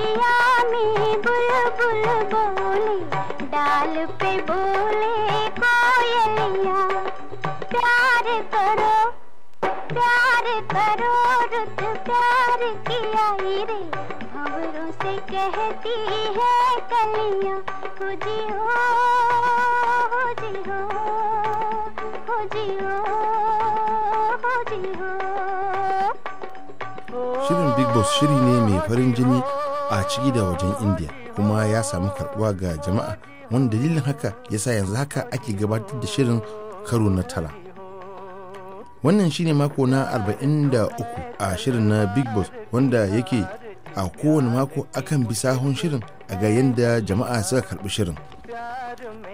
मैया में बुलबुल बोले डाल पे बोले कोयलिया प्यार करो प्यार करो रुत प्यार किया रे भंवरों से कहती है कलिया खुजी हो खुजी हो खुजी हो खुजी हो Shirin Big Boss shiri ne mai farin jini a ciki da wajen india kuma ya samu karbuwa ga jama'a wanda dalilin haka ya sa yanzu haka ake gabatar da shirin karo na tara wannan shine mako na 43 a shirin na big boss wanda yake a kowane mako akan bi sahun shirin a ga yadda jama'a suka karbi shirin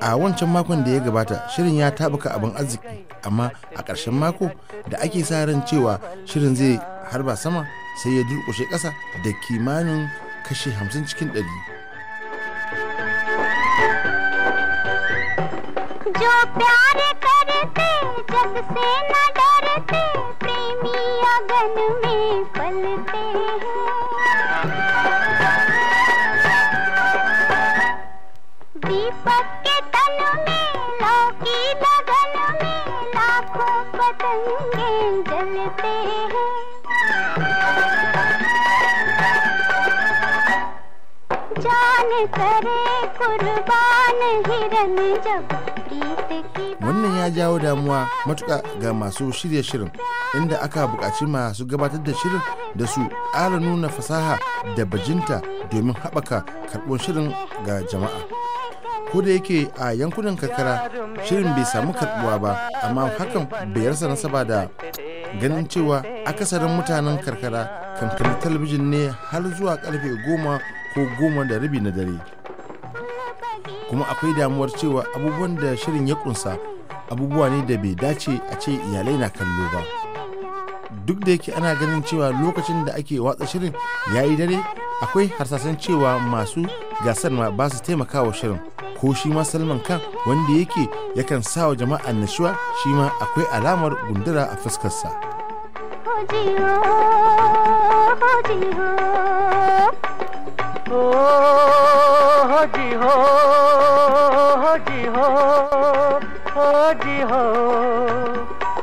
a wancan makon da ya gabata shirin ya tabuka abin arziki amma a ƙarshen mako da ake sa ran cewa shirin zai harba sama sai ya durƙushe ƙasa da kimanin kashi 50 cikin 100 जो प्यार करते जग से न डरते प्रेमी अगन में पलते हैं दीपक के तन में लगन में लाखों पतंगे जलते हैं Wannan ya jawo damuwa matuka ga masu shirya shirin inda aka buƙaci masu gabatar da shirin da su ƙara nuna fasaha da bajinta domin haɓaka karɓar shirin ga jama'a. ko da yake a yankunan karkara shirin bai samu karɓuwa ba amma hakan bai yarsa nasaba da ganin cewa akasarin mutanen karkara kan talabijin ne har zuwa karfe goma ko goma da rabi na dare kuma akwai damuwar cewa abubuwan da shirin ya kunsa abubuwa ne da bai dace a ce iyalai na kallo ba duk da yake ana ganin cewa lokacin da ake watsa shirin ya yi dare akwai harsasan cewa masu gasar ma ba su taimakawa shirin ko shi ma salman kan wanda yake yakan sa wa jama'a nashuwa shi ma akwai alamar gundura a fuskarsa.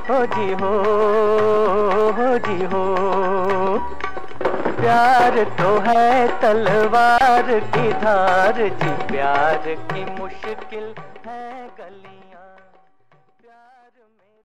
हो जी हो हो जी हो प्यार तो है तलवार की धार जी प्यार की मुश्किल है गलियां